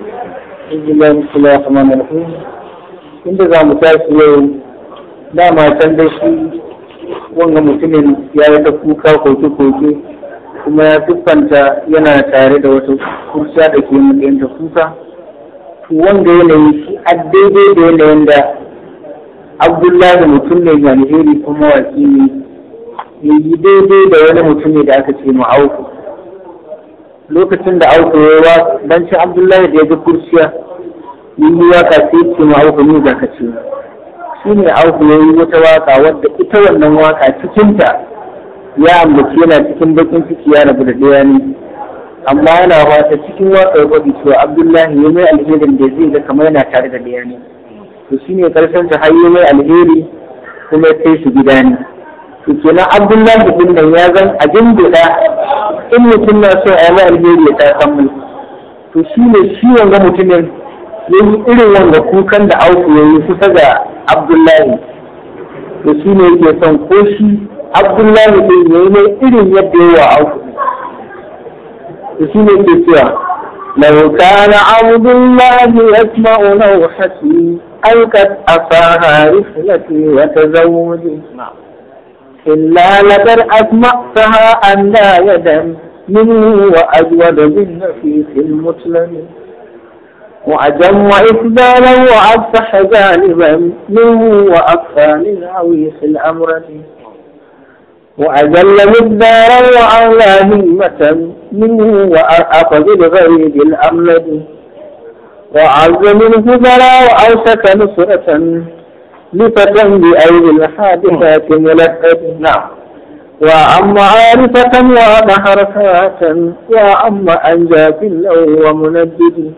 Bismillah bismillah Inda za mu tashi yau dama can da shi wanga mutumin ya yi ta kuka koke-koke kuma ya siffanta yana tare da wata kursa da ke matsayin ta kuka. Wanda yanayi shi a daidai da yanayin da Abdullahi mutum ne mai alheri kuma waki ne. yi daidai da wani mutum ne da aka ce mu auku. lokacin da auku ya wa dan ci abdullahi da ya ji kurciya yi waka sai ce ma auku ni ga kace shi ne auku ya yi wata waka wadda ita wannan waka cikinta ya ambaci yana cikin bakin ciki ya rabu da ɗaya ne amma yana wata cikin wakar gwadi cewa abdullahi ya mai alherin da zai ga kamar yana tare da ɗaya ne to shi ne ƙarshen ta har ya mai alheri kuma ya kai shi gida ne ke na abdullahi ɗin nan ya zan a dinga in mutum na so a yi alheri ya kasan mai to shi ne shi wanga mutumin ya yi irin wanga kukan da auku ya yi kusa ga abdullahi to shi ne yake son ko shi abdullahi din ya yi ne irin yadda ya wa auku to shi ne ke cewa لو كان عبد الله يسمع نوحتي ألقت أفاها رحلتي وتزوجي نعم إلا لدر أسمعتها أن لا يدا منه وأجود بالنفيس المسلم وأجم إقباله وأفتح جانبا منه من للعويس الأمرد وأجل مقدارا وأعلى همة منه وأرأف بالغريب الأملد وأعز منه بلا وأوشك نصرة لفتن بأيدي الحادثات ملفت نعم وأم عارفة وأم حركات وأم أنجى في اللون ومندد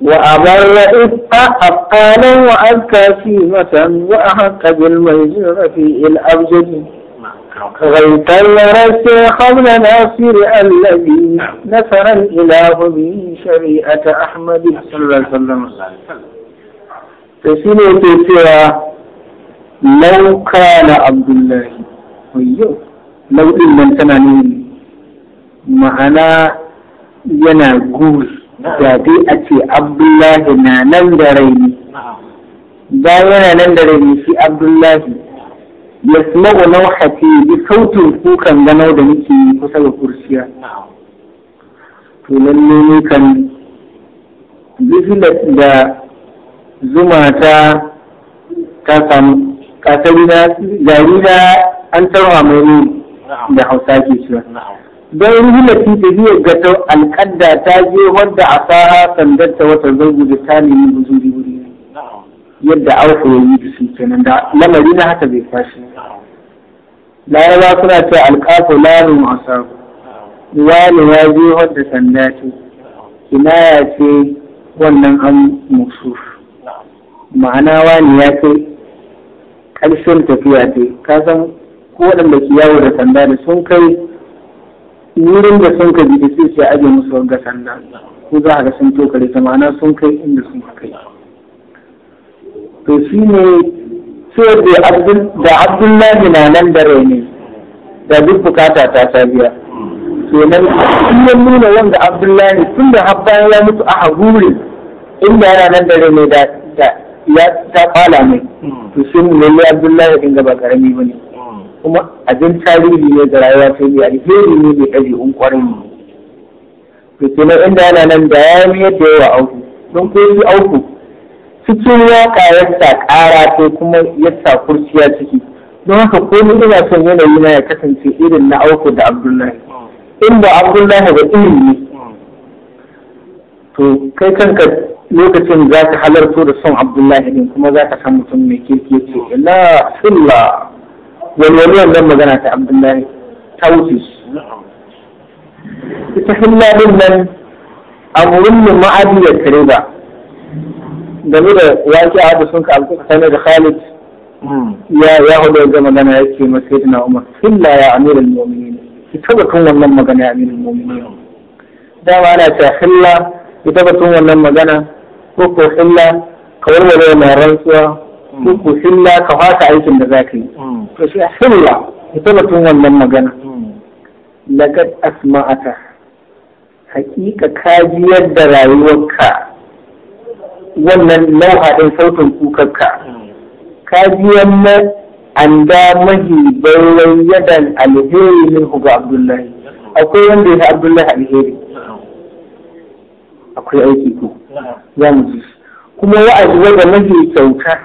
وأبر إفقى أبقالا وأذكى سيمة وأحق بالميزرة في الأبجد غيت الرس قبل ناصر الذي نصر نعم. الإله به شريعة أحمد صلى الله عليه وسلم sai shi ne yake cewa lauka na abdullahi wayo lauɗin nan tana ne ma'ana yana guri da dai a ce abdullahi na nan da raini bayan yana nan da raini shi abdullahi ya smago nauhati bi sautin kukan ganau da nake kusa da kursiya to lalle ne kan da zuma ta samu kasari na gari na an tarwa mai ne da hausa ke cewa don ruhula fi tafiya ga ta alƙadda ta je wadda a fara sandar ta wata zango da ta nemi buzuri wuri yadda auku ya yi da kenan da lamari na haka zai fashi laraba suna ce alƙafu larin wasa wani ya je wadda sanda ce ya ce wannan an musu ma'ana wani ya kai ƙarshen tafiya ce ka san ko waɗanda ke yawo da sanda da sun kai wurin da sun ka da su ce aje musu wanga sanda ko za a ga sun tokare ta ma'ana sun kai inda sun kai to shi ne sai da abdullahi na nan da rai ne da duk bukata ta sabiya kenan in nuna wanda abdullahi tun da haɓɓa ya mutu a haguri inda yana nan da rai ne da ya ta kwala ne. Hmm. to sun ne lalle abdullahi din ba karami bane hmm. kuma abin tarihi ne ga rayuwa ta biya alheri ne hmm. da ɗabi un kwarin mu. to kuma inda yana nan da ya yi yadda yawa auku don ko yi auku cikin waka ya sa ƙara ta kuma ya sa kurciya ciki don haka ko ni ina son yanayi na ya kasance irin na auku da abdullahi inda abdullahi ga ilimi to kai kanka lokacin za ka halarto da son abdullahi din kuma za ka san mutum mai kirki ce la filla walwali wannan magana ta abdullahi ta wuce su ita hilla din nan a wurin mu ma'adi da kare ba game da waƙi a hadu sun ka alƙuka sanar da khalid ya ya hudu ga magana ya ce masu yadda umar hilla ya amirin mominin ki taba tun wannan magana ya amirin ne dama ana ta hilla ki taba tun wannan magana ko ko illa ka warware wannan rantsuwa mm. ko ka fata aikin da zaka yi mm. to shi illa ita tun wannan magana mm. laqad asma'ata hakika ka ji yadda rayuwarka wannan lauha din sautin kukarka ka ji wannan an da mahi bayan yadan alheri min ga abdullahi akwai wanda ya abdullahi alheri akwai aiki ko za kuma wa'azi wanda mafi kyauta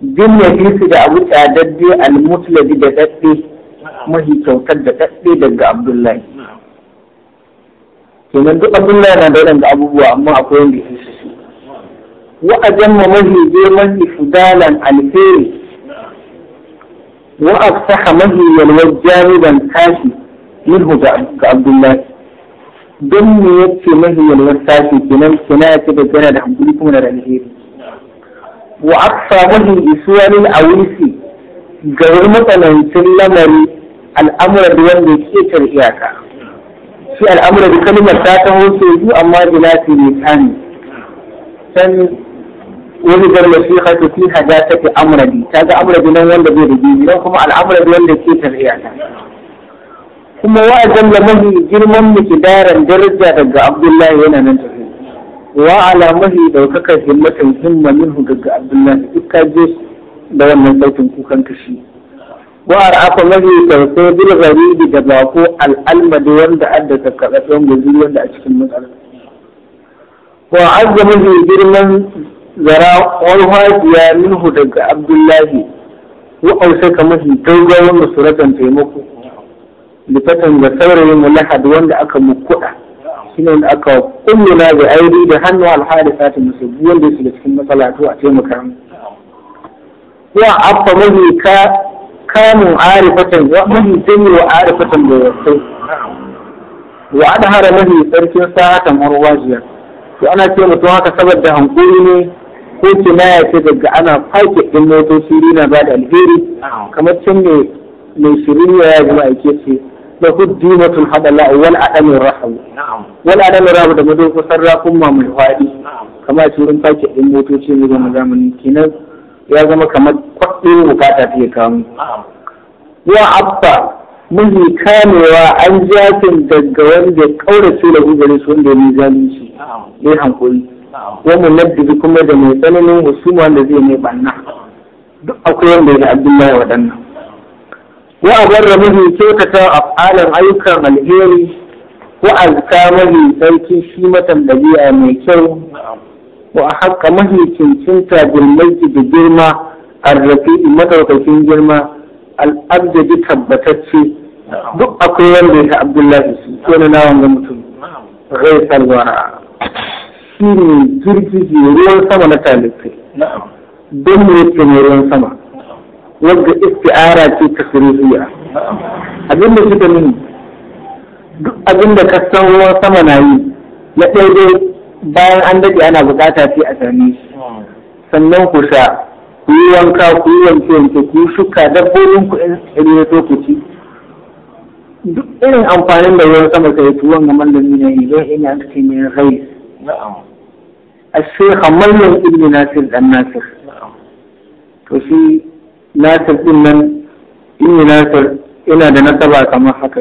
din ya fi da abu tsadadde al-mutlabi da daɗe, mafi kyautar da daɗe daga abdullahi kenan duk abdullahi na da waɗanda abubuwa amma akwai wanda ya fi su wa'azan mu mafi je mafi fudalan alheri wa'afsaha mafi yalwar jami'an tashi minhu ga abdullahi don me yace mahiyal wasaki kenan ya ce da yana da hankali kuma da alheri wa aqsa mahi a awisi ga wani matsanancin lamari al'amura da wanda ke tar iyaka shi al'amura da kalmar ta taho sau biyu amma jilati ne tani san wani gar nasiha ta fi hada ta fi amradi ta ga amradi nan wanda bai da gini nan kuma al'amura da wanda ke tar iyaka kuma wa jalla mahi girman daren daraja daga abdullahi yana nan tafi wa ala mahi daukakar himmatan himma minhu daga abdullahi duk ka je da wannan sautin kukan kashi wa ar'afa mahi tausa bil gharibi da bako al'almadi wanda adda takkaratsun guzuri wanda a cikin matsala wa azza mahi girman zara walhajiya minhu daga abdullahi wa ausaka mahi dogon wanda suratan taimako bifatan da saurayin mulahad wanda aka mukuda shine wanda aka kulluna da aidi da hannu alhadisatin musabbu wanda yake da cikin matsalatu a taimaka wa abba mahi ka kamun arifatan wa mahi sani wa arifatan da wasai wa adhara mahi sarkin sa'atan harwajiya to ana ce mutum haka saboda hankuri ne ko kinaya ce daga ana fake din motoci rina ba da alheri kamar can ne mai shirin ya yi aike ce lahu dimatun hadalla wal adamin rahu wal adamin rahu da mutum kusan rakun ma mai fadi kamar a cikin baki din motoci ne zama zamani Kina ya zama kamar kwaɗin bukata ta kamu wa abba muhi kamewa an jafin daga wanda ya kaurace da gare su wanda ya zalunci ya hankuri wa munabbi kuma da mai tsananin husuma da zai mai banna duk akwai wanda ya da baya waɗannan wa abarra mahi kyautata af'alan ayyukan alheri wa azka mahi sarki shi matan dabi'a mai kyau wa haka mahi cincinta bilmaiki da girma arrafi'i madaukakin girma al'abdadi tabbatacce duk akwai wanda ya abdullahi su ko na nawan ga mutum rai salwara shi ne jirgin ruwan sama na talibai don me yake sama wadda isti'ara ce tasirifiya abin da suka nuni duk abin da kasan ruwan sama na yi na daidai bayan an daɗe ana bukata sai a same shi sannan ku sha ku yi wanka ku yi wanke wanke ku yi shuka dabbobin ku in ya so ku ci duk irin amfanin da ruwan sama sai tuwon ga mallami ne don ina ce mai rai a shekha mallam ibn nasir dan nasir to shi nasir ɗin nan inni nasir yana da nasaba kamar haka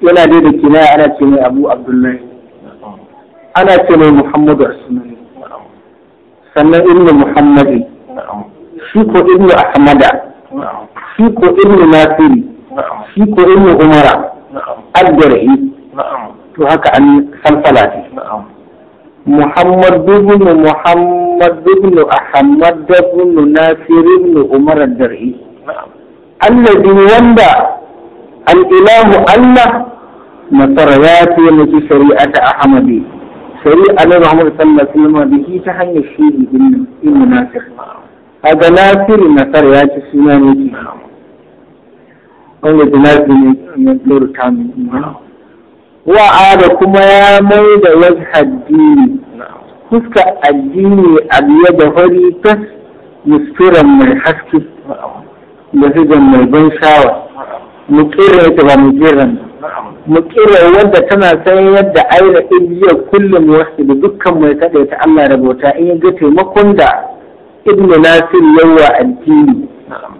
yana dai da kinaya ana ce mai abu abdullahi ana ce mai muhammadu rasulullah sannan ibnu muhammadi shi ko ibnu ahmada shi ko ibnu nasiri shi ko ibnu umara addarhi to haka an salsala ce محمد بن محمد بن أحمد بن ناصر بن عمر الدرعي الذي وندى الإله الله نصر ياتي لك شريعة أحمد شريعة محمد صلى الله عليه وسلم به تحني الشيء بن ناصر هذا ناصر نصر ياتي سنانك أولا ناصر من دور كامل wa'ada kuma ya mai da addini, dini fuska addini abiye da fari ta musturan mai haske da zidan mai ban shawa mukira ya ba mujiran mukira wadda tana sayan yadda aina ibiya kullum wasu da dukkan mai ya ta Allah rabota in ya ga taimakon da ibn nasir yawa addini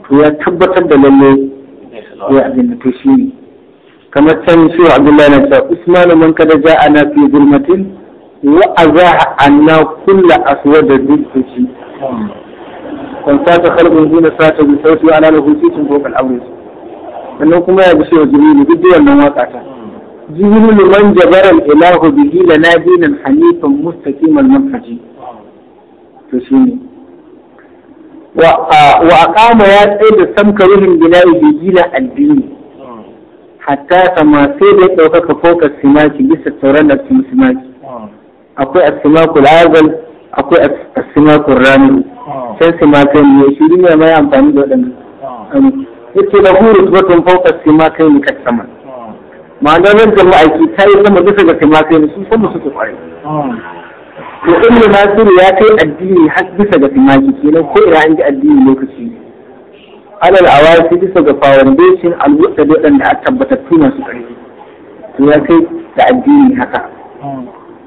to ya tabbatar da lalle ya abin da to shi ne kamar can shi abdullahi na cewa Usmanu man kada ja'a na fi zulmatin wa azaha anna kullu aswada dukki kun sata khalqun hina sata bi sauti ana lahu sitin fawqa al-amr sannan kuma ya bi shewa jibril duk wannan waka ta jibril man jabara al-ilahu bihi lana dinan hanifan mustaqiman manhaji to shine wa aqama ya tsaye da samkaruhin bina'i bi dinin addini hatta sama sai da ya ɗaukaka fokar simaki bisa sauran da cikin simaki akwai asimaku lagal akwai asimaku rami sai simaki ne shi ne mai amfani da waɗannan yake da huru tubatun fokar simaki ne kan sama ma'ana nan da ma'aiki ta yi sama bisa ga simaki ne sun sama suke kwari to in da nasiru ya kai addini har bisa ga simaki kenan ko ina an ji addini lokaci alal awasi bisa ga foundation al-wusta da aka tabbatar tabbatattu su to ya kai da addini haka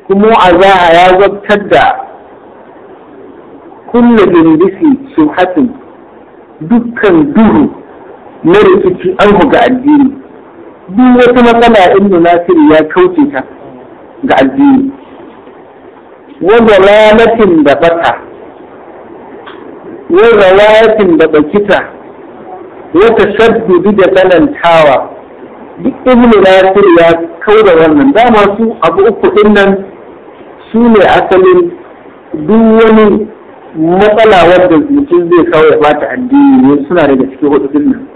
kuma a a ya zartar da kulle bindisi su hatin dukkan duhu na rikici an ga addini duk wata matsala inda nasiru ya kauce ta ga addini wanda lalatin da bata wanda lalatin da bakita wata shaddu da tsanantawa duk ibn nasir ya kau da wannan dama su abu uku din nan su ne asalin duk wani matsala wanda mutum zai kawo ba bata addini ne suna daga cikin hudu din nan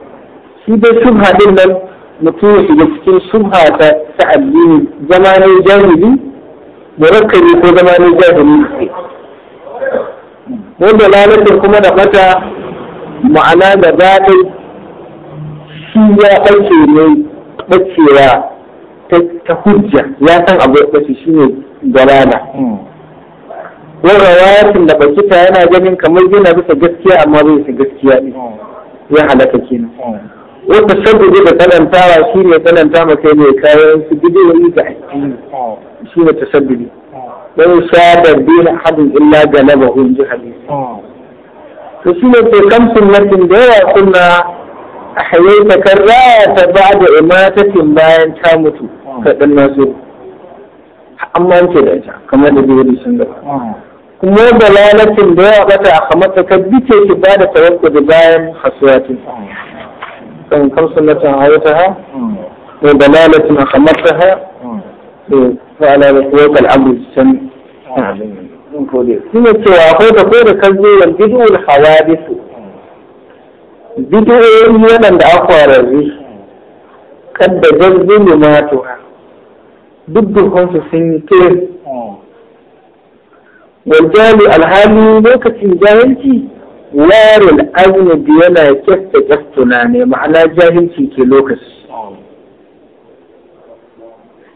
shi dai shubha din nan mutum ya shiga cikin shubha ta ta addini zama ne jahili ko zama ne jahili ne wanda lalatar kuma da mata ma'ana da daɗin shi ya ɓace ne ɓacewa ta hujja ya san abu ya ɓace shi ne galana wanda hmm. wayatin da bakita yana ganin kamar yana bisa gaskiya amma bai bisa gaskiya ne hmm. ya halaka kenan hmm. wata shaddade da tsanantawa shi ne tsananta ma kai ne kayan su wani ga addini shi ne ta shaddade don sadar dina hadin illa ga nabahun jihali to shi ne ke kamsin nasin da yawa kuna ta ba da imatatin bayan ta mutu ka dan nasu amma ce da ita kamar da da sun da kuma dalalatin da yawa bata a kamata ka bice shi ba da da bayan hasuwatin kan kamsalatin hayataha wa dalalatin a kamataha fa'ala da tawakkal amru san shine cewa akwai ta ko da kan zo wal bid'ul hawadithu bidiyoyi waɗanda a kwararri kadda zazzini matuwa duk dukansu sun yi kiri waljali alhali lokacin jahilci warin azumi yana kyasta kyastuna ne ma'ana jahilci ke lokaci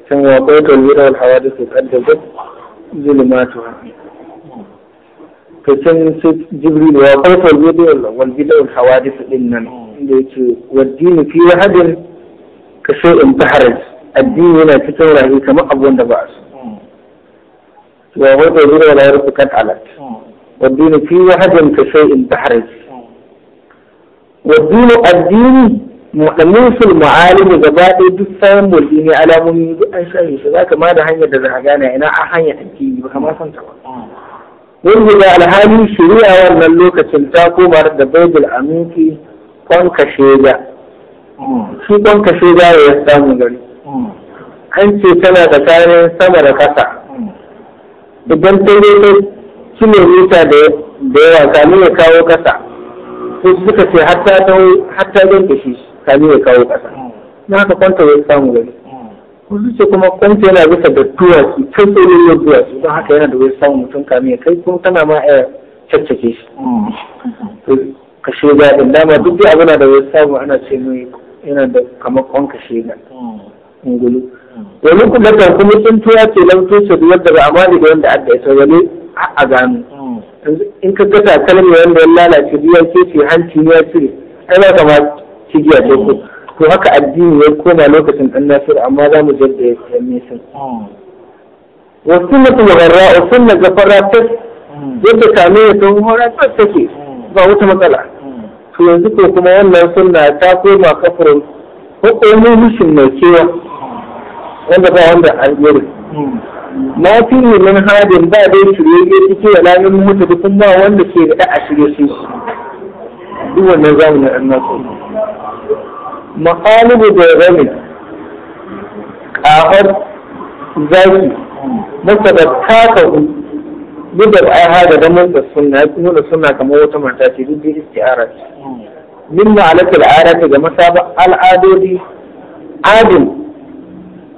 can waƙoƙar yi rawar hawa da su kadda zazzini matuwa to can sai jibril ya farko ne da wannan wal bid'ul hawadith din nan mm. inda yake waddini fi wahadin ka sai in taharaj addini yana cikin rahi kamar abun da ba su wa mm. ya ya zira da rufe kan alat mm. waddini fi wahadin ka sai in taharaj waddini addini mu'amisul ma'alim gaba ɗaya duk sayan mulki ne alamomi duk an shahi su zaka ma da hanyar da za a gane ina a hanyar addini ba kamar san ta ba yanzu da alhali shirya wannan lokacin ta koma da baibul aminki kwanka shaida shi shaida ya samu gari an ce tana tsakanin sama da kasa idan ta yi ta kilomita da yawa sami ya kawo kasa ko suka ce hatta don da shi sami ya kawo kasa na haka kwanta ya samu gari Kullum sai kuma kwanta yana bisa da duwatsu kai sai ne yau duwatsu don haka yana da wani samun mutum kame kai kuma tana ma a caccake shi ka shiga da dama duk da abuna da wani samun ana ce ne yana da kamar kwanka shiga ungulu wani kuma kan kuma sun tuya ce nan tuce da yadda ba mali da wanda adda ita wani a gano in ka gata takalmi wanda ya lalace biyar ce ce hanci ya cire ana kama kamar cigiya ce ko to haka addini ya koma lokacin ɗan nasir amma za mu jadda ya nisan hmm. wa sunnatu gharra wa sunnatu gharra ta yadda hmm. kame ya tun hora ta take hmm. ba wata matsala to yanzu ko kuma wannan sunna ta koma kafirin hukumin mushin mai kewa wanda ba wanda alheri yi ma fi min hadin ba dai shirye cike da lamin mutu duk ba wanda ke da a shirye shi duk wannan na annabi maƙalibu da gani ƙahar zaki masa da kakahu bidar aiha da damar da suna ya nuna suna kamar wata mata ce duk da istiara ce min ma'alakal ara ta ga masaba al'adodi adin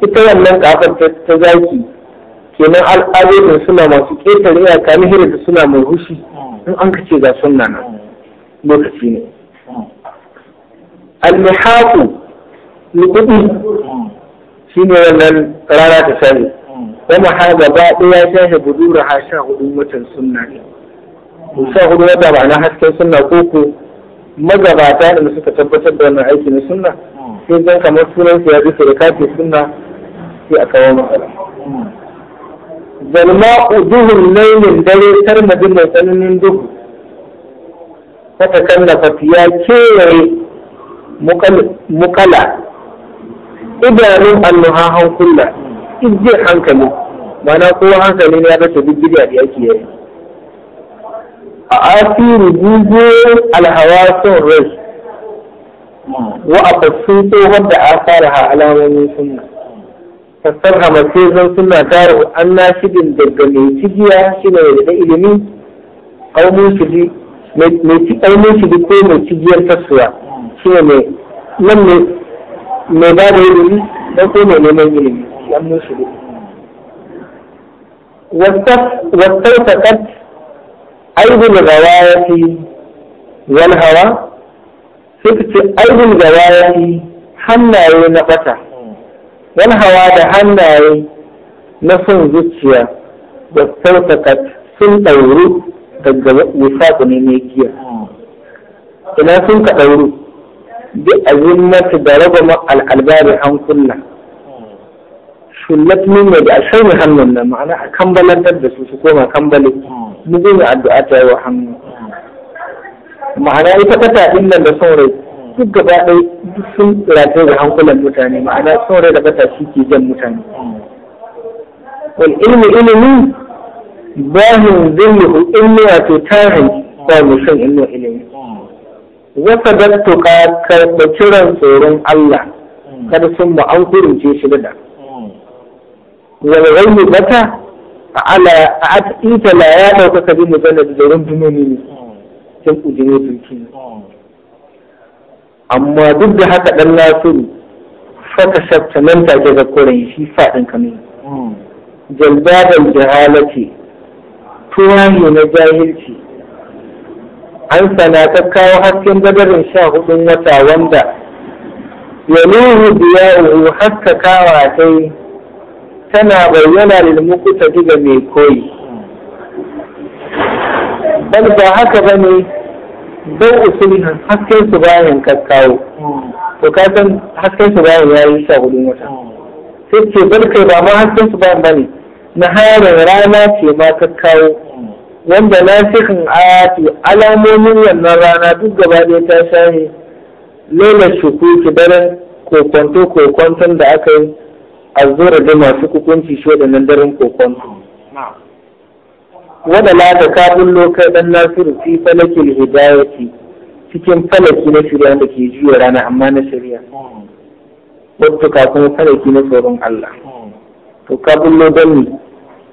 ita wannan kafar ta zaki kenan al'adodin suna masu ƙetare iyaka mihira da suna mai hushi in an kace ga sunna nan lokaci ne almihaku kuɗi shi ne wannan rana ta sani kuma har gaba ɗaya ta shi budura ha sha hudu watan sunna ne sha hudu wata ba na hasken sunna ko magabata da suka tabbatar da wannan aiki na sunna sai zan kamar sunan ya bisa da kafi sunna sai a kawo matsala zalma uduhun lailin dare tarmadin mai tsananin duhu ta kallafa ya kewaye mukala idanun annuha hankula izin hankali mana kowa hankali ne ya rasa duk da yake yi a asiru guje alhawasun rai wa a fasun tsohon da a fara ha alamomin sunna fassar hamace zan suna tara an na shigin daga mai cigiya shi ne da ilimi kaunin shi ko mai cigiyar tasowa shi ne nan ne mai ba da ilimi don ko mai neman ilimi yan musu ne wasai fakat aibin gawayati wal hawa sai ka ce aibin gawayati hannaye na bata wal hawa da hannaye na son zuciya wasai fakat sun ɗauru daga wisaƙu ne mai giya ina sun ka ɗauru bi azimmati da raba al'albari an kunna sunnat min da alshaimi hannun nan ma'ana a kambalantar da su su koma kambale hmm. mu zo addu'a ta yi wa hannu ma'ana ita kata din nan da son duk gaba ɗaya duk sun rataye da hankulan mutane ma'ana son da kata shi ke jan mutane hmm. wal ilmi ilmi bahin zillihu ilmi wato tarin ba mu son ilmi ilimi wata ka karɓa kiran tsoron Allah hmm. kada sun mu an kurince shi da hmm. walwai bata a ala a ita la ya ɗauka kabi mu zana da rundunoni ne hmm. ku jini dinki amma duk da haka dan nasiru faka shafta nan ta ga koren shi fadin kamin jalbadan jahalati tuwaye na jahilci an sana ta kawo hasken gadarin sha hudun wata wanda yaluhu biya'uhu kawa dai tana bayyana da mukuta diga mai koyi bal ba haka ba ne bai usuli hasken su bayan kakkawo to ka san hasken su bayan yi sha hudun wata sai ce bal kai ba ma hasken su bayan ba ne. na hayar rana ce ma kakkawo wanda na fikin ayati alamomin wannan rana duk gaba ɗaya ta shahi lola shukuki daren kokonto kokonton da aka yi a zura da masu kukunci shi nan daren kokonto wada la da kabin lokai dan nasiru fi falakil hidayati cikin falaki na shirya da ke jiya rana amma na shirya hmm. wato kafin falaki na tsoron Allah hmm. to kabin lokai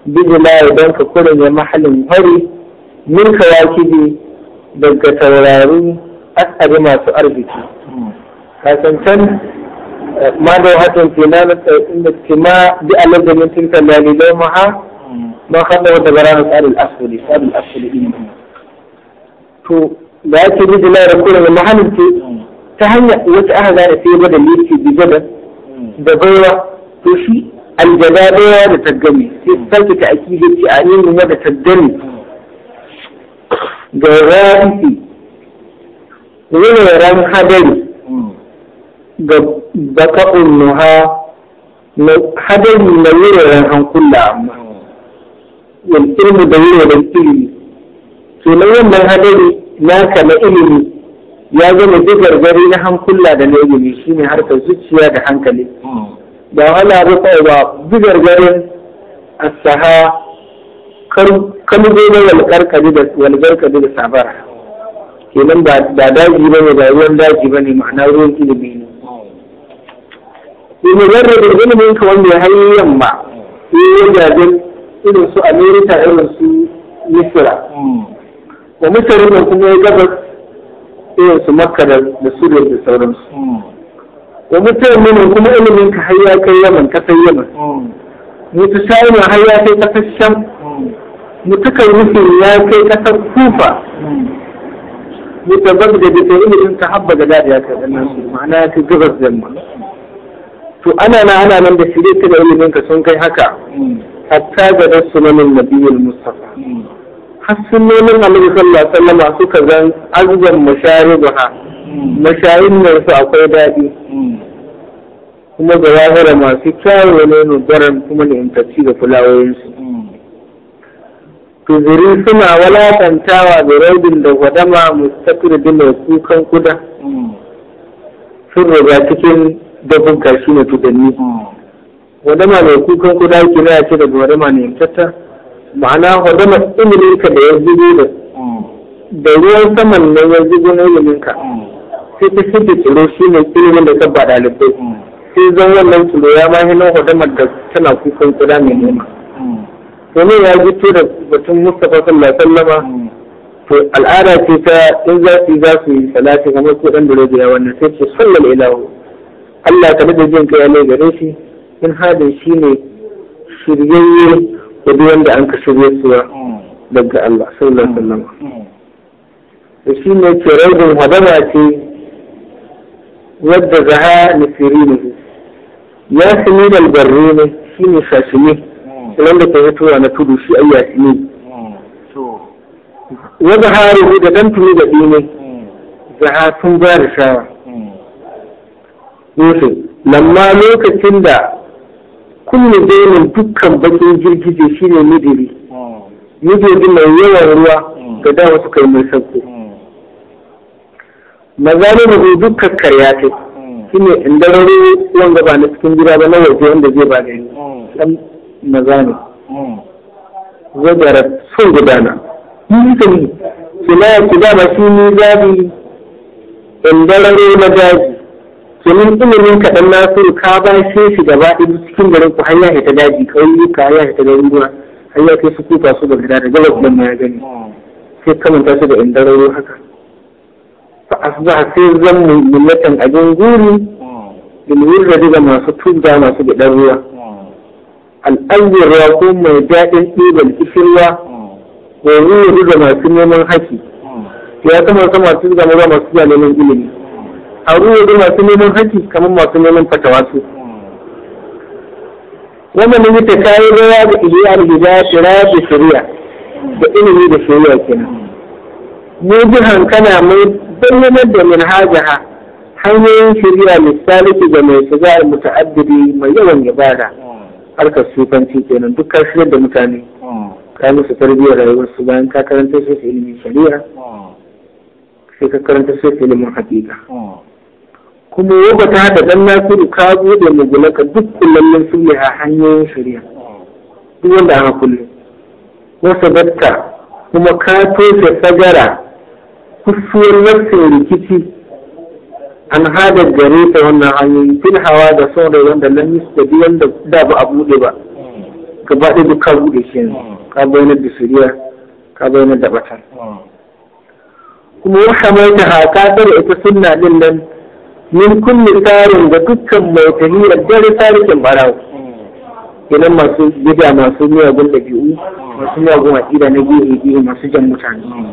bijila don ka kula ne mahalin hari min bi daga taurari asali masu arziki kasancan eh, ma da na finana eh, inda kima bi alajamin tilka lalilai maha ma haɗa wata gara na tsarin asali tsarin asali to da yake bijila da ne mahalin ke ta hanyar wata aka gane sai gwada liki bijila da baiwa to shi daya da taggami sai hmm. sarki ta akide ci a mu da taggami ga rafi ran hadari hmm. ga unu ha hadari na ran hankula amma wal ilmi da da ilimi to na wannan hadari ka na ilimi ya zama duk gari na hankula da na ilimi shine harkar zuciya da hankali hmm. ba wala abu kawai ba zigar garin asaha kalgo na walkarkadi da walgarkadi da sabara kenan ba daji ba ne ba ruwan daji ba ne ma'ana ruwan ilimi ne ilimin rarrabe ilimin ka wanda ya hanyar yamma yi wajajen irin su amerika irin su misira wa mutane kuma ya gabas irin su makka da suriya da sauransu wa mutumin kuma ilimin ka har ya kai yaman kasar yaman mutu sayin har ya kai kasar sham kan rufe ya kai kasar kufa mutu babu da bisa ilimin ta habba da dadi ya kai ɗannan su ma'ana ya kai gabas yamma to ana na ana nan da shirye ta da ilimin ka sun kai haka hatta ga da sunanin nabiyyul mustafa har sunanin annabi sallallahu alaihi wasallam suka zan azgan ha? mashayin su akwai daɗi kuma ga wahura masu kyawu wani nubaran kuma da intacci da fulawoyinsu tuziri suna walakantawa da raudin da gwadama mustaqir da mai kukan kuda sun riga cikin dabin kashi na tudanni gwadama mai kukan kuda na ce da gwadama ne intatta ma'ana gwadama ilimin ka da ya zubo da ruwan saman na ya zubo na ilimin ka sai ta shirya tsoro shi ne da ta ba ɗalibai mm. sai zan wannan tsoro ya ma hinan hodamar da tana kukan kuda mai mm. nema domin ya gito da batun mustapha sallallahu alaihi mm. to al'ada ce ta in za su za su yi salati kamar ko dan dole da wannan sai ce sallal ilahu Allah ta da jin kai ne gare shi in hadin shi ne shiryayye ko duk wanda an ka shirye su daga Allah sallallahu alaihi wasallam shi ne ce hadama ce wadda zaha ne, ya sami da albarre ne shi ne shashine da ke fitowa na tudu shi ayya ne wadda haruhu da dan tuni da ne zaha sun ba da shawa nufin lamma lokacin da kunne zainin dukkan bakin girgije shi ne midiri midiri mai yawan ruwa ga dawa suka yi mai sauko mazalimu dukkan karya kai ne inda rari wanga ba na cikin gida ba na waje wanda zai ba gani dan mazani zagara sun gudana ni kan kila kila ba shi ni zabi inda rari na daji domin ilimin kaɗan na so ka ba shi shi gaba ɗaya cikin garin ku hanya ya daji kawai ka ya ita garin gura hanya ya kai su kuka su ga gida da gaba kuma ya gani sai kamanta su da inda dararo haka asbaha sai zan mu abin guri bilwir da daga masu tuba masu gidan ruwa al'ayyar ruwa ko mai daɗin ɗiban kishirwa ko ruwa daga masu neman haki ya kama sa masu zuga maza masu zuwa neman ilimi a ruwa daga masu neman haki kamar masu neman fatawa su wannan ne ta kayi rawa da iliyar gida shira da shari'a da ilimi da shari'a kenan mu jihan kana mai bayyanar da manhajaha hanyoyin shari'a misali ga mai shiga muta'addidi mai yawan ibada harkar sufanci kenan duk karshen da mutane ka musu tarbiyyar rayuwar su bayan ka karanta su ilimin shari'a sai ka karanta su ilimin hakika kuma yau ta da dan nasiru ka bude mugulaka duk kullallin su ne a hanyoyin shari'a duk wanda aka kullum wasa kuma ka toshe sagara kusuwar wancan rikici an hada gare ta wannan hanyoyi fil hawa da son rai wanda lam yustadi wanda da ba a bude ba ka ba ɗaya dukkan bude shi yanzu ka bayanar da suriya ka bayanar da batan kuma wa hamaita ta haka tsare ita sunna ɗin nan min kulli tsarin da dukkan mai tahiyar dare tarikin barawo kenan masu gida masu miyagun dabi'u masu miyagun aƙida na gehe gehe masu jan mutane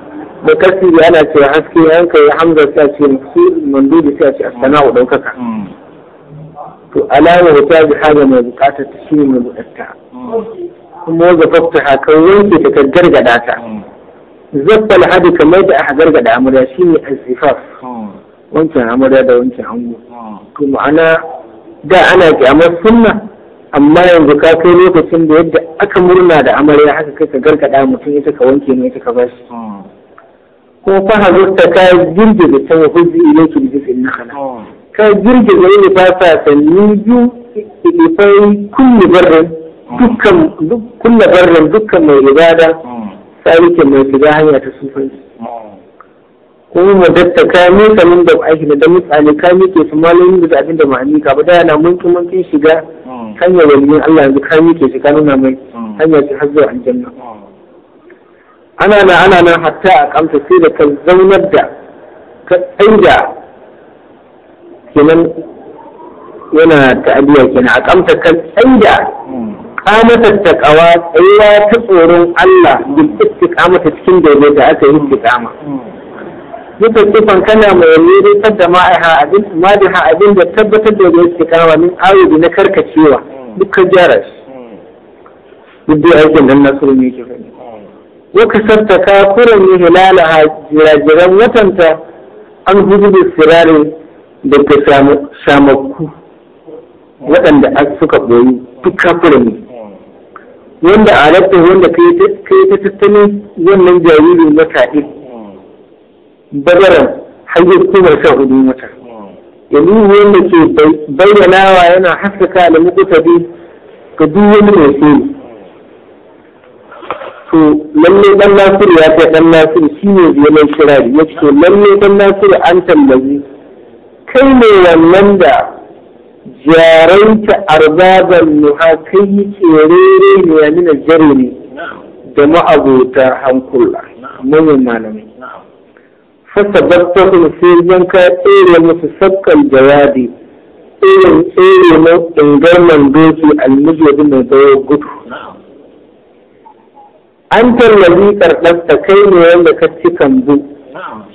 mukassiri ana cewa haske an kai hamza sai ce mandubi sai ce as-sana'u daukaka to alama ta bi hada mai bukatar ta shi mai bukatta kuma wanda fafta haka wanke ta ka gargada ta zabba al kamar da aka gargada amarya shine az-zifaf wancan amarya da wancan hango to ma'ana da ana kyamar sunna amma yanzu ka kai lokacin da yadda aka murna da amarya haka kai ka gargada mutum ita ka wanke ne ita ka bashi ko hazurta ka da ta wa ilo su bi jiz'in nakhla oh. ka da ne ba sa sanni biyu ilifai kulle barren dukkan kulle barren dukkan mai ibada oh. sarike mai shiga hanya ta sufanci oh. kuma datta ka ne sanin da aiki da mutane ka ne ke su malamin da abin da ma'ani ka ba da yana mulki mulki shiga hanyar waliyin Allah yanzu ka ne ke shiga nuna mai hanyar ta hazzo zuwa aljanna ana na ana nan hatta a kamta sai da ka zaunar da ka tsaida kenan yana ta'adiyya kenan a kamta ka tsaida kamata ta kawa tsayuwa ta tsoron Allah ta kamata cikin da aka yi kama. duka kifan kana mai rurrutar da ma'aiha abin madiha abin da tabbatar da ruwan kama min ayyubi na karkacewa dukkan jarar duk dai aikin dan nasu ne ke ya kasarta kafuran yi a jiragen watanta an hudu da sirari da ta samakku waɗanda suka ɓoyi duk kafuran ne wanda a rabta wanda ka yi ta tattalin wannan jaririn wata ɗin bagaran har yi kuma sa hudu wata yanzu wanda ke bayyanawa yana haskaka da mukutari ga duk wani mai tsoro to lalle dan nasiru ya kai dan nasiru shi ne ya mai kirari ya ce lalle dan nasiru an tambayi kai ne wannan da jaranta arbaban muha kai yi rere ne ya nuna jarumi da ma'abota hankula manyan malamai fasabarta kuma sai yan ka tsere musu sakkan jawabi irin tsere na ingar mandoki almujabin da ya gudu an tallabi ta kai ne wanda ka ci kanzu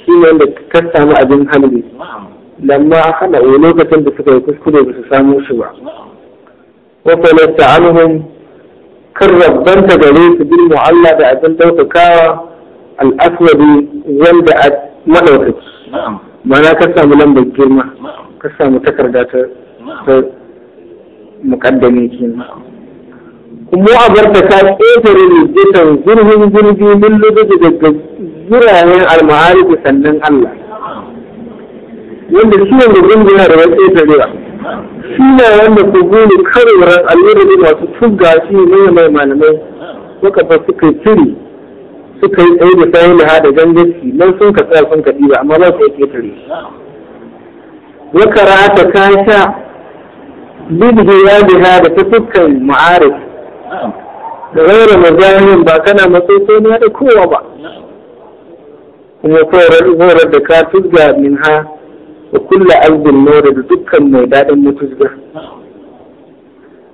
shi ne wanda ka samu abin hamli lamma hana o lokacin da suka yi kuskure ba su samu su ba wa falasta anhum kan rabbanta gare su bil mu'alla da abin daukakawa al'aswadi wanda a madaukaki mana ka samu lambar girma ka samu takarda ta mukaddami kenan kuma a bar ta ƙetare ne ƙetar zurfin zurfi min lubuji daga zurayen da sannan Allah wanda ciwon da zan gina da wani ƙetarewa shi ne wanda ku gudu karewar allura da masu tugga shi ne mai malamai suka fa suka ciri suka yi tsaye da sayan da hada gangaci nan sun ka tsaya sun ka ɗiba amma ba su yi ƙetare wakara ta kasha bidhi ya biha da ta fuskan ma'arif da zaura mazamin ba kana matsaitsaniya da kowa ba kuma horar da ka tuzga min ha da kulla albin nora da dukkan mai daɗin tuzga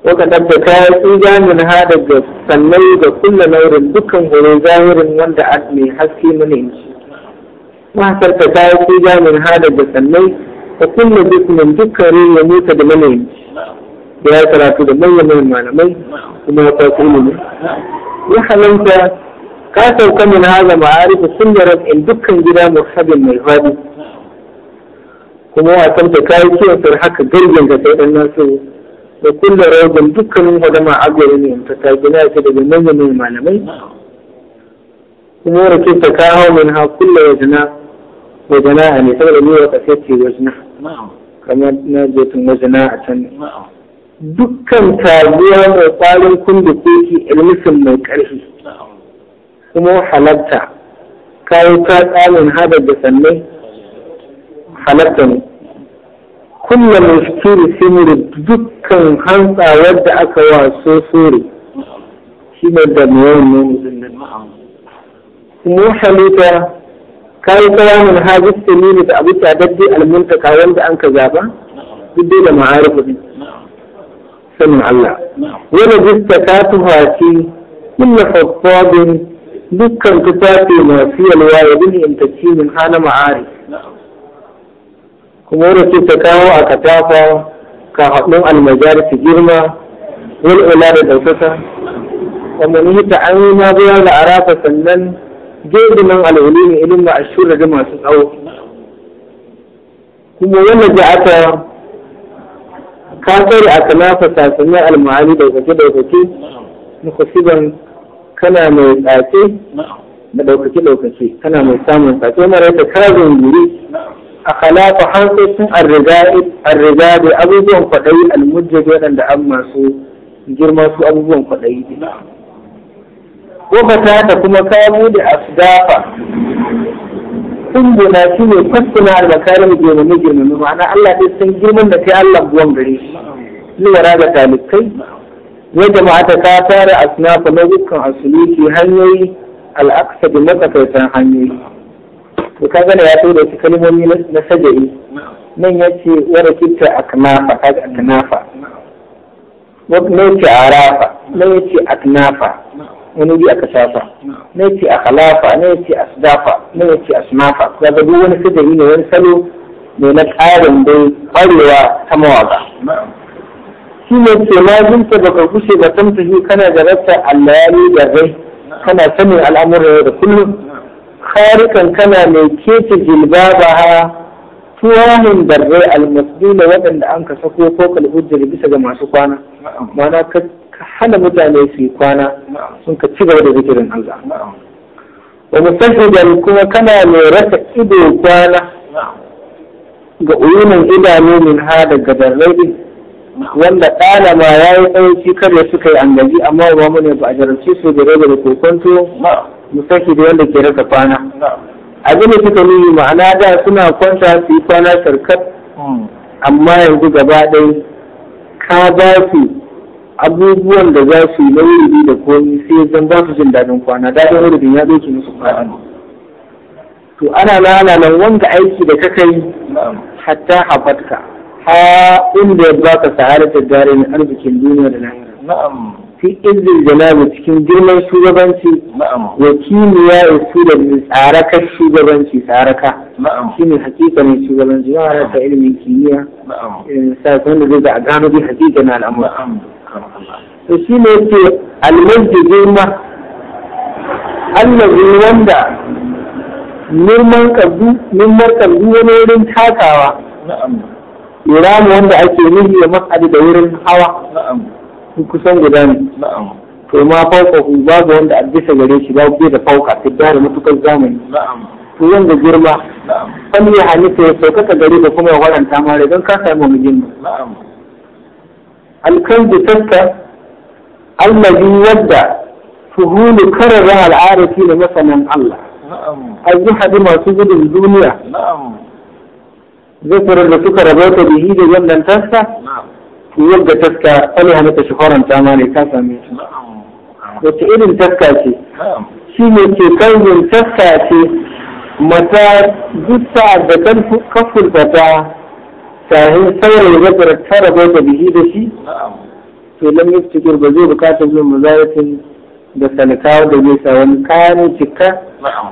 waka dabba ka yi tuzga min ha daga sannan da kulla naurin dukkan horo zahirin wanda a mai haske mana in ci masarta ka tuzga min ha daga sannan da kulla dukkan dukkan rin ya mutu da mana in ci ya yi karatu da manyan malamai kuma ya kwasu ilimi ya halarta ka sauka min haza ma'arifu sun da rabin dukkan gida muhabin mai fadi kuma wasan ta kayi kiyon sar haka gargen ka sai dan nasu da kullum rajin dukkanin hudama agwari ne ta ta gina ta daga manyan malamai kuma rake ta kawo min ha kullum wajena wajena ne saboda ni wa kasance wajena kamar na je tun wajena a can dukkan taruwa mai kwarin da koki ilmisin mai ƙarfi kuma halatta kawo ta tsamin hada da sannan halatta ne kulla muskiri simiri dukkan hantsa wadda aka so sore shi ne da mawan ne kuma halitta kawo tsamin haɗa da sannan da daddai tsadaddi almuntaka wanda an ka zaba duk da ma'arifu ne في المعلاء ولد استكاتها في كل حفاظ دكا انتفاتي ما في الواية بني انتكي من حال معاري كمورة استكاوة اكتافة كحطمو المجال في جرمة والعلالة دوتتا ومن هي تعاني ماضية لعرافة سنن جيد من العلوم إلما أشهر جمعة سنعوك كمو يمجعتها ka a kanafa al almahani da kake da kake kana mai tsace da daukaki daukaki kana mai samun tsace mara ta kazin guri a kalafa hansoshin arriga da abubuwan kwaɗayi almujjabi waɗanda an masu girma su abubuwan kwaɗayi Ko ka ta kuma ka bude asdafa kumbuna shi ne fassuna al-makarim girmame girmame ma'ana Allah dai san girman da kai Allah buwan gare shi liwara ga talikai ya jama'a ta fara tara asnafa na dukkan asuluki hanyoyi al'aksa da matsakaitan hanyoyi to ka gane ya da su kalmomi na saja'i nan ya ce wada kitta wani ce arafa nan ya ce aknafa wani bi a kasafa, na yace a khalafa na yace a sadafa na yace a sumafa kaga duk wani sadari ne wani salo ne na ƙarin dai ƙwarewa ta mawaka shi ne ce na jinta ba ka gushe ba kana jarabta allayali da rai kana sanin al'amuran da kullum kharikan kana mai kece jilbaba ha tuwahin darrai al-masdula waɗanda an ka sako ko kalbujjar bisa ga masu kwana ma'ana hana mutane su yi kwana sun ka ci gaba da zikirin Allah wa musahidan kuma kana mai rasa ido kwana ga uyunan idanu min ha daga darrai wanda ɗalama ya yi ɗauki kada suka yi gaji amma ba mu ne ba a jarabci su da rage da kokonto musaki da wanda ke raka kwana abin da suka nuni ma'ana da suna kwanta su yi kwana sarkar amma yanzu gaba ɗaya ka ba su abubuwan da za su yi na wuri da komi sai zan ba su jin daɗin kwana da daɗin wurin ya ɗauke musu kwana to ana lalalan wanda aiki da kaka yi hatta hafatka ha inda ya baka sahara ta dare na arzikin duniya da lahira na'am fi izzil janabi cikin girman shugabanci na'am wa kimiya ya su da tsaraka shugabanci tsaraka na'am shine ne shugabanci ya halatta ilimin kimiyya na'am ilimin eh, sa da zai ga gano bi hakikanin al'amura to shi ne ce almajjirma allazi wanda nirman kabdu nirman kabdu wani wurin takawa iramu wanda ake nufi ya mas'adi da wurin hawa kusan guda ne to ma fauka hu babu wanda a bisa gare shi ke da fauka ta da matukar zamani to yanzu girma wani ya halitta ya saukaka gare da kuma ya waranta mara don ka samu mu girma alkalbu taska allazi wadda fuhulu kararra al'arafi da masanan Allah an yi haɗu masu gudun duniya zikirar da suka rabauta da da wannan taska yadda taska ana halatta shi faranta ma ne ka same shi wata irin taska ce shi ne ke kanzin taska ce mata duk da kan kafurta ta sahin saurayi ya ta rabai da bihi da shi to lam yaftikur ba zai bukatar zuwa mazayatin da salkawa da zai sa wani kayan cika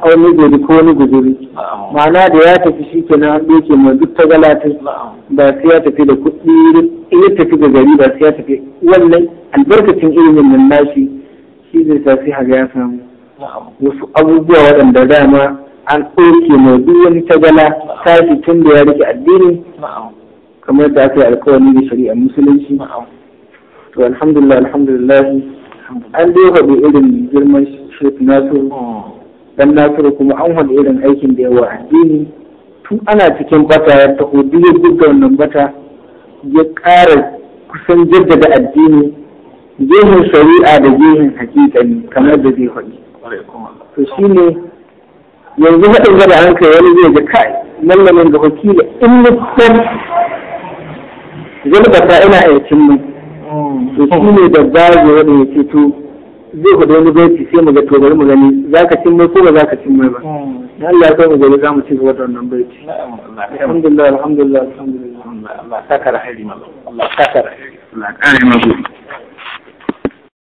ko ni gudu ko ni guduri ma'ana da ya tafi shi ke nan ke mai duk ta galata ba sai ya tafi da kuɗi ya tafi da gari ba sai ya tafi wannan albarkacin ilimin nan nashi shi zai sa sai haga ya samu wasu abubuwa waɗanda dama an ɗauke mai duk wani tagala tashi tun da ya rike addini kamar da aka yi alkawari da shari'ar musulunci to alhamdulillah alhamdulillah an dai da irin girman shek nasiru dan nasiru kuma an wani irin aikin da yawa addini tun ana cikin bata ya taho duk wannan bata ya ƙara kusan jaddada addini gehen shari'a da gehen hakikani kamar da zai faɗi to shine yanzu haɗin gaba hankali wani zai ga kai mallamin ga wakila in mutum zai ina a yacin mu to shi ne da zage wani ya ce to zai faɗi wani baiti sai mu ga to bari mu gani za ka cin mai ko ba za ka cin mai ba na hmm. Allah ya kai mu gani za mu ci gaba da wannan baiti alhamdulillah alhamdulillah alhamdulillah Allah saka da hari Allah saka da hari Allah kare mu